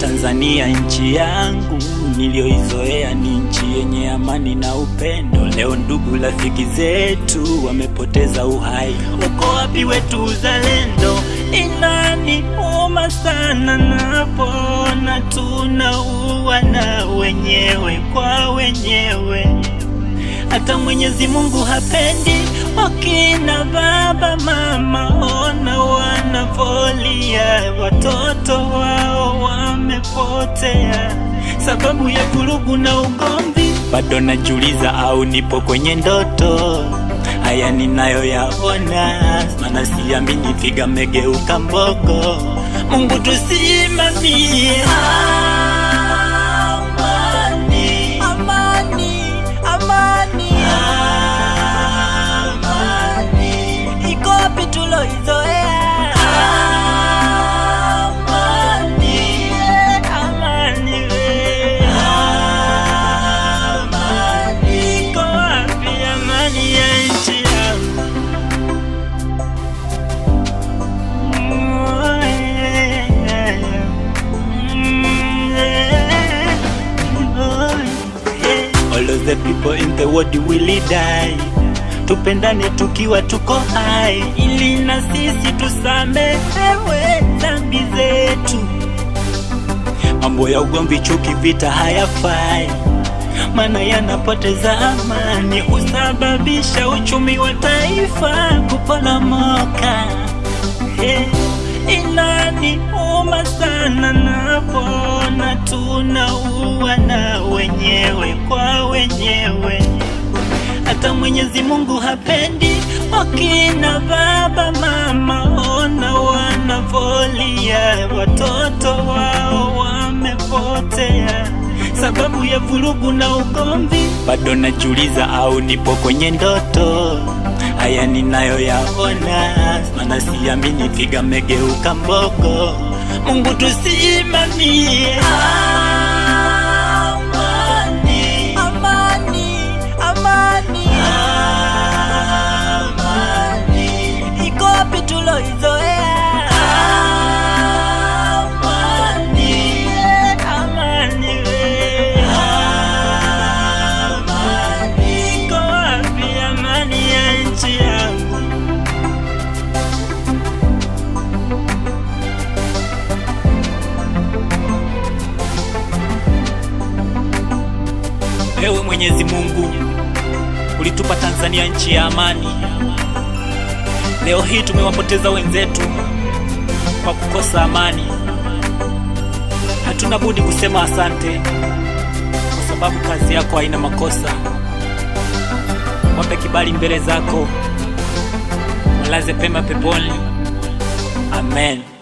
Tanzania nchi yangu niliyoizoea ni nchi yenye amani na upendo. Leo ndugu rafiki zetu wamepoteza uhai, uko wapi wetu uzalendo? Inaniuma sana napona, tunauana wenyewe kwa wenyewe hata Mwenyezi Mungu hapendi wakina baba mama, ona wanavolia, watoto wao wamepotea sababu ya vurugu na ugomvi. Bado najiuliza au nipo kwenye ndoto? Haya ninayoyaona, maana siamini, figa megeuka mbogo. Mungu tusimamie. the people in the world will die. Tupendane tukiwa tuko hai, ili na sisi tusamehewe dhambi zetu. Mambo ya ugomvi, chuki, vita hayafai, maana yanapoteza amani, usababisha uchumi wa taifa kuporomoka. Hey, inani uma sana napo na wenyewe kwa wenyewe. Hata Mwenyezi Mungu hapendi wakina baba mama, ona wanavolia watoto wao wamepotea sababu ya vurugu na ugomvi. Bado najiuliza au nipo kwenye ndoto? Haya yaona, mana siamini, figa megeuka mbogo. Mungu tusimamie ah. Ewe Mwenyezi Mungu, ulitupa Tanzania nchi ya amani. Leo hii tumewapoteza wenzetu kwa kukosa amani. Hatuna budi kusema asante, kwa sababu kazi yako haina makosa. Wape kibali mbele zako, walaze pema peponi. Amen.